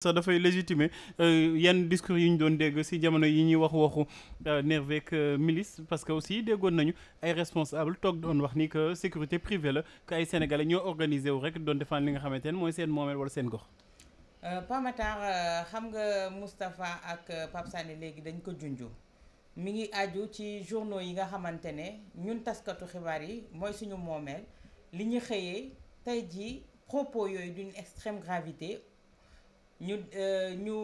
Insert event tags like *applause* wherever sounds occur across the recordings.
sax dafay légitimer euh, yenn discours yi ñu doon dégg ci jamono yi ñuy wax waxu euh, nerveux ak euh, milice parce que aussi déggoon nañu ay responsable toog doon wax ni que sécurité privée la que ay sénégalais ñoo organisé wu rek doon defaan li nga xamante ne mooy seen moomeel wala seen gox. Pa Matar xam nga Moustapha ak Pape Sané léegi dañ ko junju mi ngi aju ci journaux yi nga xamante ne ñun taskatu xibaar yi mooy suñu moomeel li ñu xëyee tey ji propos yooyu d'une extrême ñu euh, ñu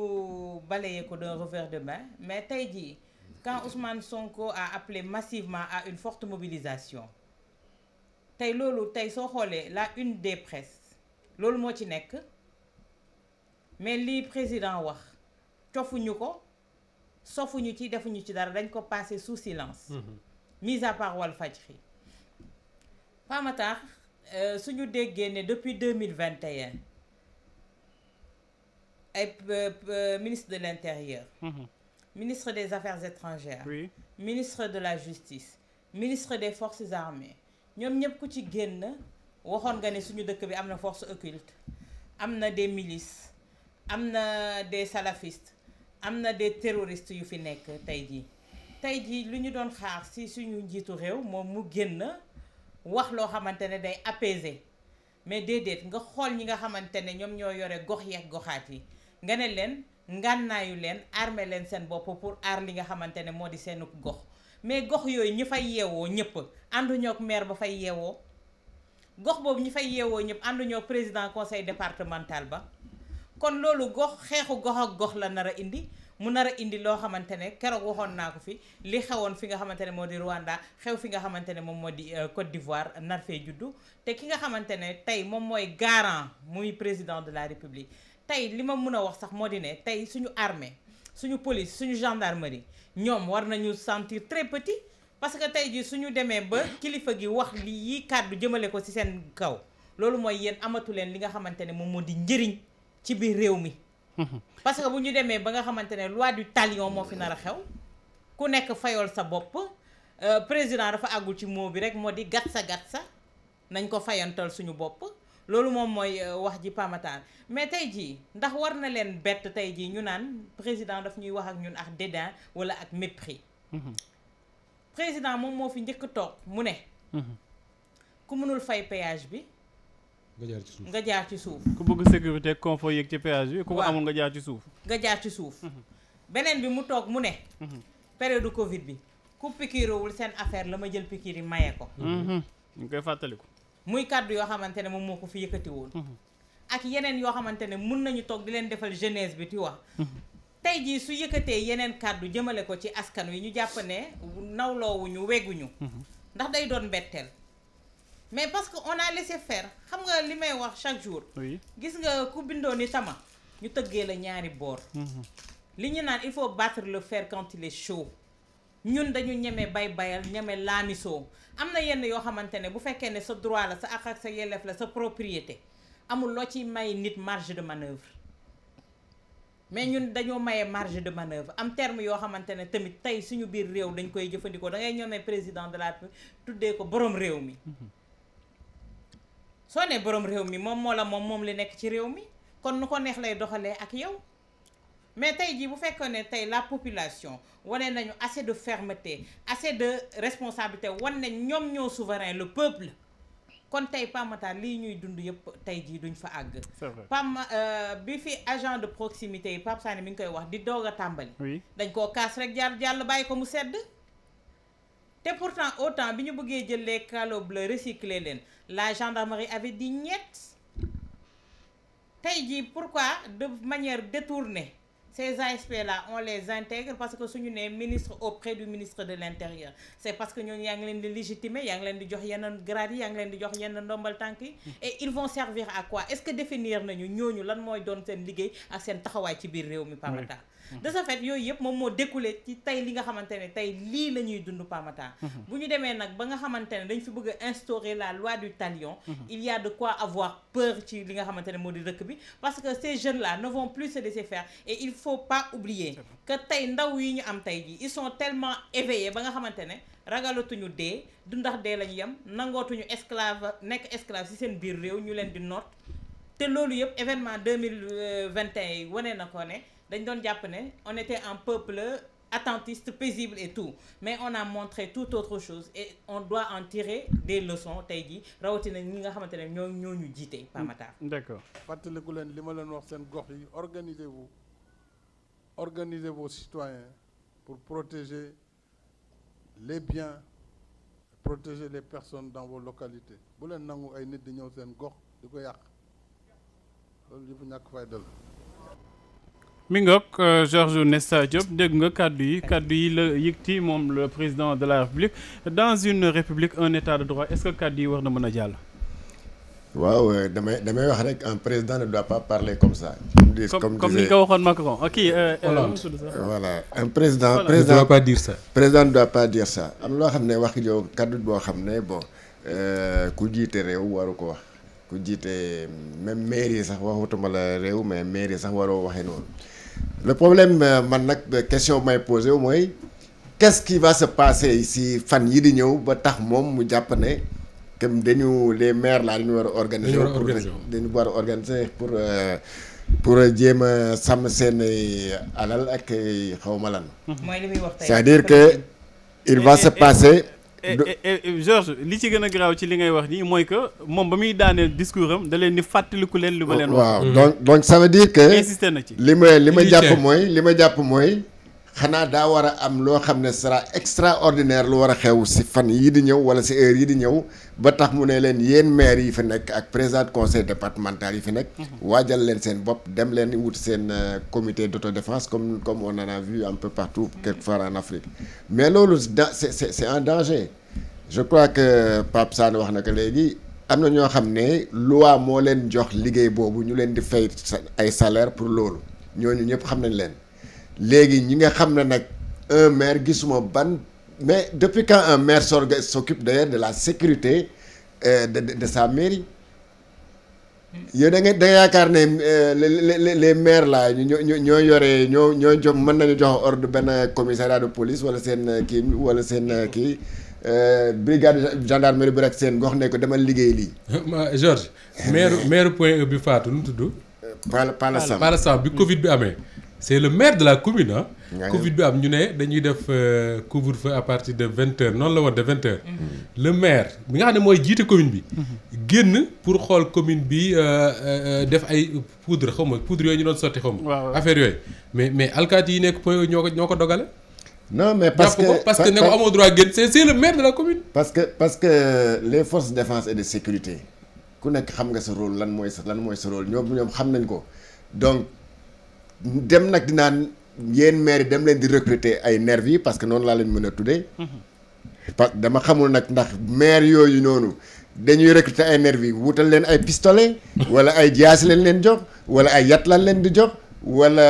balayer ko d'un revers de main mais tey jii quand Ousmane Sonko a apple massivement à une forte mobilisation tey loolu tey soo xoolee la une des presses loolu moo ci nekk mais lii président wax cofuñu ko sofuñu ci defuñu ci dara dañ ko passer sous silence mm-hmm. mise à part Walfadjri Pamatar euh, suñu déggee ne depuis 2021 ay euh, euh, ministre de l'intérieur ministre des affaires étrangères ministre de la justice ministre des forces armées ñoom ñëpp ku ci génn waxoon nga ne suñu dëkk bi am na force occulte am na des milices am na des salafistes am na des terroristes yu fi nekk tey jii tey jii lu ñu doon xaar si suñu njiitu réew moom mu génn wax loo xamante ne day apaiser mais déedéet nga xool ñi nga xamante ne ñoom ñoo yore gox yeeg goxaat yi nga ne leen ngànnaayu leen armé leen seen bopp pour aar li nga xamante ne moo di seenub gox mais gox yooyu ñi fay yeewoo ñëpp ànduñoo ak ba fay yeewoo gox boobu ñi fay yeewoo ñëpp ànduñoo président conseil départemental ba kon loolu gox xeexu gox gox la nar a indi mu nar a indi loo xamante ne keroog waxoon naa ko fi li xewoon fi nga xamante ne moo di Rwanda xew fi nga xamante ne moom moo di euh, Côte d'Ivoire nar fee juddu te ki nga xamante ne tey moom mooy garant muy président de la République tey li ma mun a wax sax moo di ne tey suñu armee suñu police suñu gendarmerie ñoom war nañu sentir très petit parce que tey jii suñu demee ba kilifa gi wax li yi kàddu jëmale ko ci seen kaw loolu mooy yéen amatu leen li nga xamante ne moom moo di njëriñ ci biir réew mi. Mhm. parce que bu ñu demee ba nga xamante ne loi du talion moo fi nar a xew ku nekk fayool sa bopp euh, président dafa àggul ci moo bi rek moo di gatsa gatsa nañ ko fayantal suñu bopp. loolu moom mooy euh, wax ji pamataan mais tey jii ndax war na leen bett tey jii ñu naan président daf ñuy wax ak ñun ax dédain walla ak mépris mhm. président moom moo fi njëkk toog mu ne mhm. ku mënul fay péyage bi nga jaar ci suuf nga jaar ci suuf ku bëgg sécurité confort yeeg ci péage bi ku ko amul nga jaar ci suuf nga jaar ci suuf mhm. beneen bi mu toog mu ne période covid bi ku pikiirowul seen affaire la ma jël pikiir yi maye ko ñu koy fàttaliku muy kàddu yoo xamante ne moom moo ko fi yëkkati woon mm-hmm. ak yeneen yoo xamante ne mun nañu toog di leen defal jeunesse bi ti wax mm-hmm. tey jii su yëkkatee yeneen kàddu jëmale ko ci askan wi ñu jàpp ne nawloowuñu wegguñu mm-hmm. ndax day doon mbetteel mais parce que on a laissé faire xam nga li may wax chaque jour gis nga ku bindoo ni tama ñu tëggee la ñaari boor li ñu naan il faut battre le fer quand il ñun dañu ñeme bay bayal ñeme laamisoo am na yenn yoo xamante ne bu fekkee ne sa droit la sa ak ak sa yelleef la sa propriété amul loo ci may nit marge de manœuvre mais ñun dañoo maye marge de manœuvre am terme yoo xamante ne tamit tey suñu biir réew dañ koy jëfandikoo da ngay ñoomee président de la tuddee ko boroom réew mi soo ne borom réew mi moom moo moom moom li nekk ci réew mi kon nu ko neex lay doxalee ak yow mais tey jii bu fekkoon ne tey la population wane nañu assez de fermeté assez de responsabilité wan ne ñoom ñoo souverain le peuple kon tey pamata lii ñuy dund yëpp tey jii duñ fa àgg pam euh, bi fi agent de proximité yi Pape Sané mi ngi koy wax di doog a tàmbali dañ koo kaas rek jàll bàyyi ko mu sedd te pourtant autant bi ñu bëggee jël les calots bleus leen la gendarmerie avait dit ñett tey jii pourquoi de manière détournée ces ASP là on les intègre parce que suñu nee ministre auprès du ministre de l'intérieur c'est parce que ñooñu yaa ngi leen di légitimer yaa ngi leen di jox yenn grade yi yaa ngi leen di jox yenn ndombal tànk yi hmm. et ils vont servir à quoi est-ce que définir nañu ñooñu lan mooy doon seen liggéey ak seen taxawaay ci biir réew mi Pamata Mm-hmm. de ce fait yooyu yëpp moom moo découlé ci tey li nga xamante ne tey lii la ñuy dund pamata mm-hmm. bu ñu demee nag ba nga xamante ne dañ fi bëgg a instaurer la loi du talion mm-hmm. il y quoi avoir peur ci li nga xamante ne moo di dëkk bi parce que ces jeunes la ne vont plus se laisser faire et il faut pas oublier que tey ndaw yi ñu am tey jii ils son tellement éveillés ba nga xamante ne ragalatuñu dee du ndax dee la ñu yem nangootuñu esclave nekk esclave ci seen biir réew ñu leen di noot te loolu yëpp événement deux mille euh, vingt et yi wane na ko ne dañ doon jàpp ne on était un peuple attentiste paisible et tout mais on a montré tout autre chose et on doit en tire des leçons tey jii rawatina ñi nga xamante ne ñoo ñoo ñu jiite. Pape Matar mm, d'accord fàttaliku leen li ma leen wax seen gox yi organisez-vous organisez vos citoyens pour protéger les biens protéger les personnes dans vos localités bu leen nangu ay nit di ñëw seen gox di ko yàq. loolu yëpp ñàkk fayda la mi ngoog euh, Georges Nesta Diop dégg nga kàddu yi kàddu yi la yëkkati moom le président de la république dans une république un état de droit est-ce que kàddu yi war na mën a jàll waaw euh, damay damay wax rek un président ne doit pas parler comme ça. comme comme ni nga ko waxoon Macron ok. Euh, voilà président. président ne doit pas dire ça. président ne doit pas dire ça am loo xam ne wax yow kaddu boo xam ne bon ku jiite réew waru ko wax. ku jiite même mairie sax waxutuma la réew mais mairie sax waroo waxee noonu le problème euh, man nag euh, question bu may posé wu mooy qu'est-ce qui va se passer si fan yi di ñëw ba tax moom mu jàpp ne que dañu les maires laa dañu war a organiser pour dañu war a organiser pour pour euh, jéem a sàmm seen alal ak xaw ma lan. mooy dire que il va se passer. Eh, eh, eh, Georges li ci gën a garaaw ci li ngay wax nii mooy que moom ba muy daaneel discours am da leen ni fàttaliku leen. li ma leen wax waaw donc donc ça veut dire que. insisté na ci li ma li ma jàpp mooy li ma jàpp mooy. xanaa daa war a am loo xam ne sera extraordinaire lu war a xew si fan yii di ñëw wala si heure yii di ñëw ba tax mu ne leen yéen maire yi fi nekk ak président conseil départemental yi fi nekk. Mhm. waajal leen seen bopp dem leen wut seen euh, comité d' autodéfense comme comme on en a vu un peu partout mhm. quelquefois en Afrique mais loolu da c' est c' un danger je crois que Pape Sane wax na ko léegi. am na ñoo xam ne loi moo leen jox liggéey boobu ñu leen di fay ay salaire pour loolu ñooñu ñëpp xam nañ leen léegi ñi nga xam ne nag un maire gisuma ban mais depuis quand un maire s'occupe d'ailleurs de la sécurité euh, de de, de sa maire yow da nga da nga yaakaar ne euh, les les maires là ñoo ñoo ñoo yore ñoo ñoo jox mën nañu jox ordre benn commissariat de police wala seen euh, kii wala seen kii brigade gendarmerie bi rek seen gox ne ko demal liggéey lii. *laughs* Georges maire *laughs* maire point E bi Fatou nu mu tudd. Pala Pala Sam Sam bi Covid bi amee. c'est le mair de la commune ah. Covid bi am ñu ne dañuy def euh, couvre-feu à partir de vingt heures noonu la woon de vingt heures. Mm-hmm. Mm-hmm. le maire bi nga xam ne mooy jiite commune bi. Mm-hmm. génn pour xool commune bi euh, euh, def ay poudre xaw ma poudre yooyu ñu doon sotti xaw ma. affaire yooyu mais mais alkaati yi nekk point ñoo ko ñoo ko dogale. non mais parce que que ne ko amoo droit génn c'est c'est le maire de la commune. parce que parce que les ku nekk xam nga sa rôle lan mooy sa lan mooy sa rôle ñoom ñoom xam nañ ko dem nag dinaan yéen maire yi dem leen di recruter ay nervi yi parce que noonu laa leen mën a tuddee. parce que dama xamul nag ndax mair yooyu noonu dañuy recruter ay nervi yi wutal leen ay pistole wala ay jaasi lañ leen jox wala ay yat lañ leen di jox. wala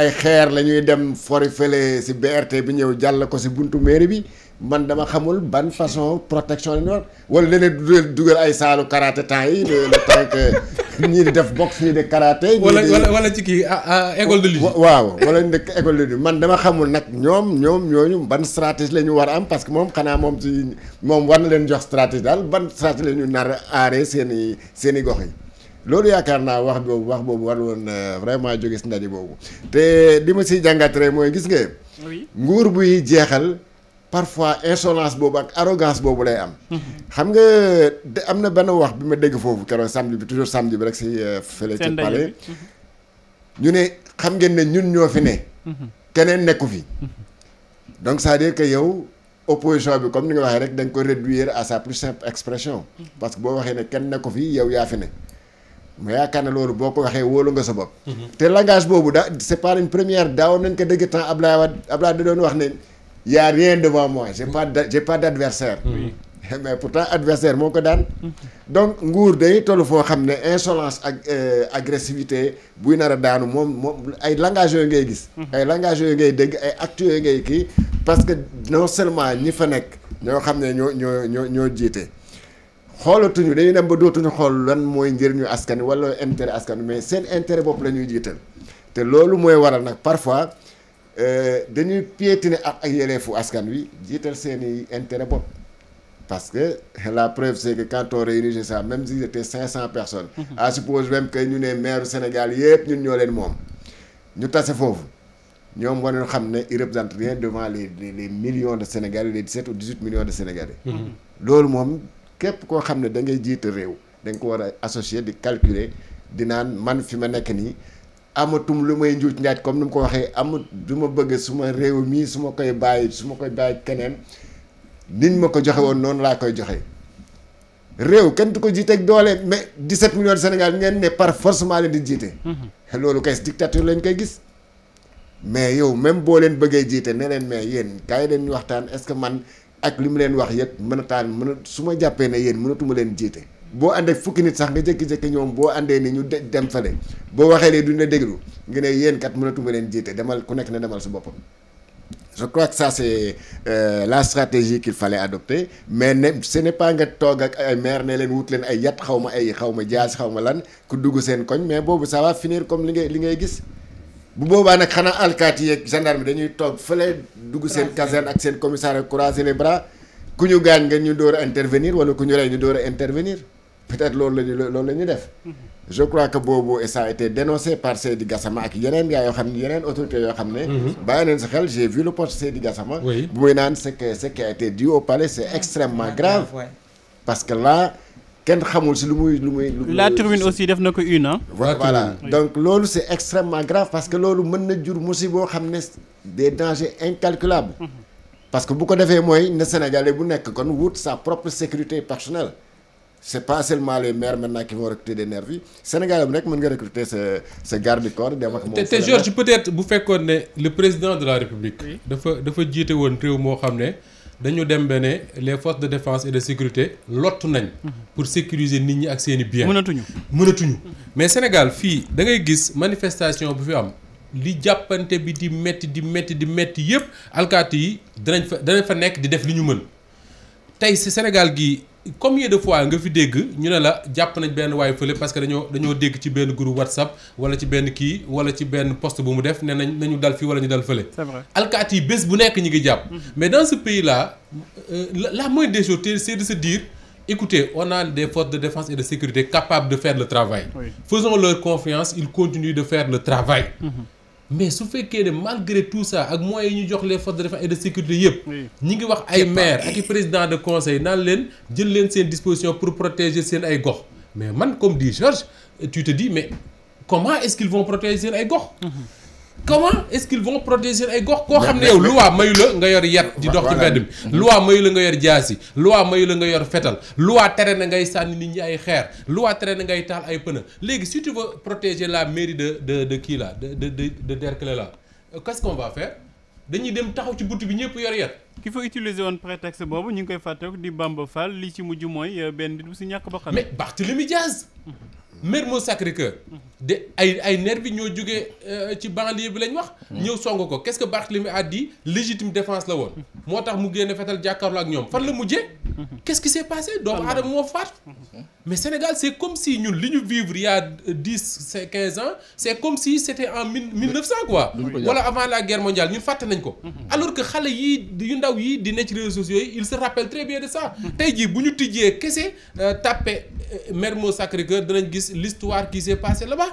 ay xeer la ñuy dem fori fële si BRT bi ñëw jàll ko si buntu mairie bi man dama xamul ban façon protection la wala leneen dugal ay saalu karaté temps yi le temps que *laughs* ñii def boxe ñii di karaté. wala wala ci kii ah, ah, école de lutte. waaw wala ñu nekk école de lutte man dama xamul nag ñoom ñoom ñooñu ban stratégie la ñu war a am parce que moom xanaa moom ci moom war na leen jox stratégie daal ban stratégie la ñu nar a aaree seeni i gox yi. loolu yaakaar naa wax boobu wax boobu war woon euh, vraiment jóge si ndaje boobu te li ma si jàngat rek mooy gis nga. nguur buy jeexal. parfois insolence boobu ak arrogance boobu lay am. xam nga de am na benn wax bi ma dégg foofu keroog samedi bi toujours samedi bi rek si euh, fële ca pale ñu ne xam ngeen ne ñun ñoo fi ne. keneen nekku fi. donc c'est-à-dire que yow opposition bi comme ni nga waxee rek dañ ko réduire à sa plus simple expression. parce que boo waxee ne kenn nekku fi yow yaa fi ne. ma yaakaar ne loolu boo ko waxee wóolu nga sa bopp. Mhm. te langage boobu da c'est pas une première daawoon nañ ko dégg y a rien devant moi j'ai mm. pas j'ai pas d'adversaire mm. *laughs* mais pourtant adversaire moo ko daan mm. donc nguur day toll foo xam ne insolence ak euh, agressivité buy nar daanu moom moom ay langage yooyu ngay gis mm-hmm. ay langage yooyu ngay dégg ay actes yooyu ngay kii parce que non seulement ñi fa nekk ñoo xam ne ñoo ñoo ñoo jiite xoolatuñu dañuy dem ba dootuñu xool lan mooy njëriñu askan wi wala intérêt askan mais seen intérêt bopp la ñuy jiital te loolu mooy waral nag parfois Euh, dañuy piétiner ak ak yelleefu askan wi jiital seen i parce que *laughs* la preuve c'est que quand on réunit même s'ils étaient cinq cent personnes à mhm. *laughs* suppose même que ñu ne maire Sénégal yëpp ñun ñoo leen moom ñu tase foofu ñoom war nañu xam ne ils représentent rien devant les les million de Sénégalais les 17 ou 18 millions de Sénégalais mhm. loolu moom képp koo xam ne da ngay jiite réew da ko war a associer di calculer di naan man fi ma nekk nii amatum lu may njuuj njaaj comme ni ma ko waxee amut du ma bëgg su ma réew mii su ma koy bàyyi su ma koy bàyyi keneen niñ ma ko joxe woon noonu laa koy joxe réew kenn tu ko jiiteeg doole mais 17 millions de Sénégal ngeen ne par force maa di jiite. Mhm. loolu kay dictature lañ koy gis. mais yow même boo leen bëggee jiite ne leen mais yéen kaay leen ñu waxtaan est-ce que man ak li mu leen wax yëpp mën a taan a su ma jàppee na yéen mënatuma leen jiite. boo àndee fukki nit sax nga jékki-jékki ñoom boo àndee ni ñu de dem fale boo waxee lee duñ la déglu nga ne yéen kat mënatuma leen jiite demal ku nekk na demal su boppam je crois que ça c'est euh, la stratégie qu'il fallait mais ne ce n'est pas toog ak ay ne leen wut leen ay yat xaw ma ay xaw ma jaas xaw ma lan ku dugg seen koñ mais boobu ça va finir comme li nga li ngay gis bu boobaa nag xanaa alkaati yeeg gendarme dañuy toog fële dugg seen caserne ak seen commissariat croiser les bras ku ñu gaañ nga ñu door a intervenir wala ku ñu rey ñu door a intervenir peut-être loolu la loolu la ñuy def mm-hmm. je crois que boobu et ça a été dénoncé par Seydi Gassama ak yeneen gars yoo xam ne yeneen autorités yoo xam ne mm-hmm. bàyyi nañ sa xel j'ai vu le poste Seydi Gassama bu muy naan ce que ce a été dit au c'est extrêmement ah, grave parce que là kenn xamul si lu muy lu muy la tribune aussi def na ko une ah voilà donc loolu c'est extrêmement grave parce que loolu mën na jur musiba boo xam ne des dangers incalculables mm-hmm. parce que bu ko defee mooy ne Sénégalais bu nekk kon wut sa propre sécurité personnelle c'est pas seulement les maires maintenant qui vont recruter des nervis Sénégal am rek mën nga recruter sa sa garde du corps dem te Georges peut-être bu fekkoon ne le président de la République dafa dafa jiite woon réew moo xam ne dañu dem ba ne les forces de défense et de sécurité lott nañ pour sécuriser nit ñi ak seen i mënatuñu mënatuñu mais Sénégal fii da ngay gis manifestation bu fi am li jàppante bi di metti di metti di metti yëpp alkaati yi danañ fa danañ fa nekk di def li ñu mën tey si Sénégal gii combien de fois nga fi dégg ñu ne la jàpp nañ benn waay fële parce que dañoo dañoo dégg ci benn groupe WhatsApp wala ci benn kii wala ci benn poste bu mu def ne nañ nañu dal fii wala ñu dal fële. c'est vrai alkaati bés bu nekk ñi ngi jàpp. Mm-hmm. mais dans ce pays là euh, la mooy des choses c'est de se dire. Écoutez, on a des forces de défense et de sécurité capables de faire le travail. Oui. Faisons leur confiance, ils continuent de fair le travail. Mmh. mais su fekkee ne malgré tout ça ak moyens yi ñu jox les forces de défense et de sécurité yëpp. ñi ngi wax ay maire ak i président de conseil naan leen jël leen seen disposition pour protéger seen ay gox mais man comme dit Georges tu mais comment est-ce qu'ils vont protéger seen ay gox. Mhm. comment est-ce qu'ils vont protéger gox koo xam ne yow loi mayu la nga yor yat di dox ci mbedd mi loi mayu la nga yor jaasi loi mayu la nga yor fetal loi tere na ngay sànni nit ñi ay xeer loi tere na ay pneu léegi si tu veux protéger la mairie de de de kii là de de de de Derklé là qu'est-ce qu'on va dañuy dem taxaw ci bunt bi ñëpp yor yat ki fa utiliser woon prétexte boobu ñu ngi koy fàtteeku di Bamba Fall li ci mujj mooy euh, benn nit bu si ñàkk ba xam mais Barthélémy Diaz Mermoz Sacré-Cœur de ay ay nervi ñoo jógee euh, ci banlieue bi lañu wax. ñëw song ko qu'est-ce que Barthélemy a dit légitime défense la woon. moo tax mu génne fetal jàkkaarloo ak ñoom fan la mujjee. qu'est-ce qui s'est passé doomu aadama moo faat. mais Sénégal c'est comme si ñun li ñu vivre il y a dix quinze ans c'est comme si c'était en mille neuf cent quoi wala avant la guerre mondiale ñun fàtte nañ ko alors que xale yii yu ndaw yii di nekk ci réseaux sociaux yi il se rappelle très bien de ça tey jii bu ñu tijjee kese euh, tàppe euh, Mermoz Sacré-Cœur danañ gis l'histoire qui s'est passée là-bas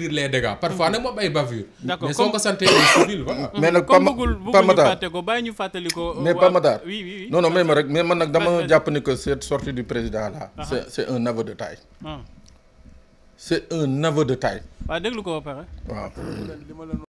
réduire les dégâts parfois mhm. nag moom ay ko santee civil voilà fàtte ko bàyyi ñu fàttali ko mais Pape Matar oui oui non mais ma rek mais man nag dama jàpp ni que cette sortie du président là ah, c'est ah. c'est un aveu de taille ah. c'est un aveu de taille waaw déglu ko ba waaw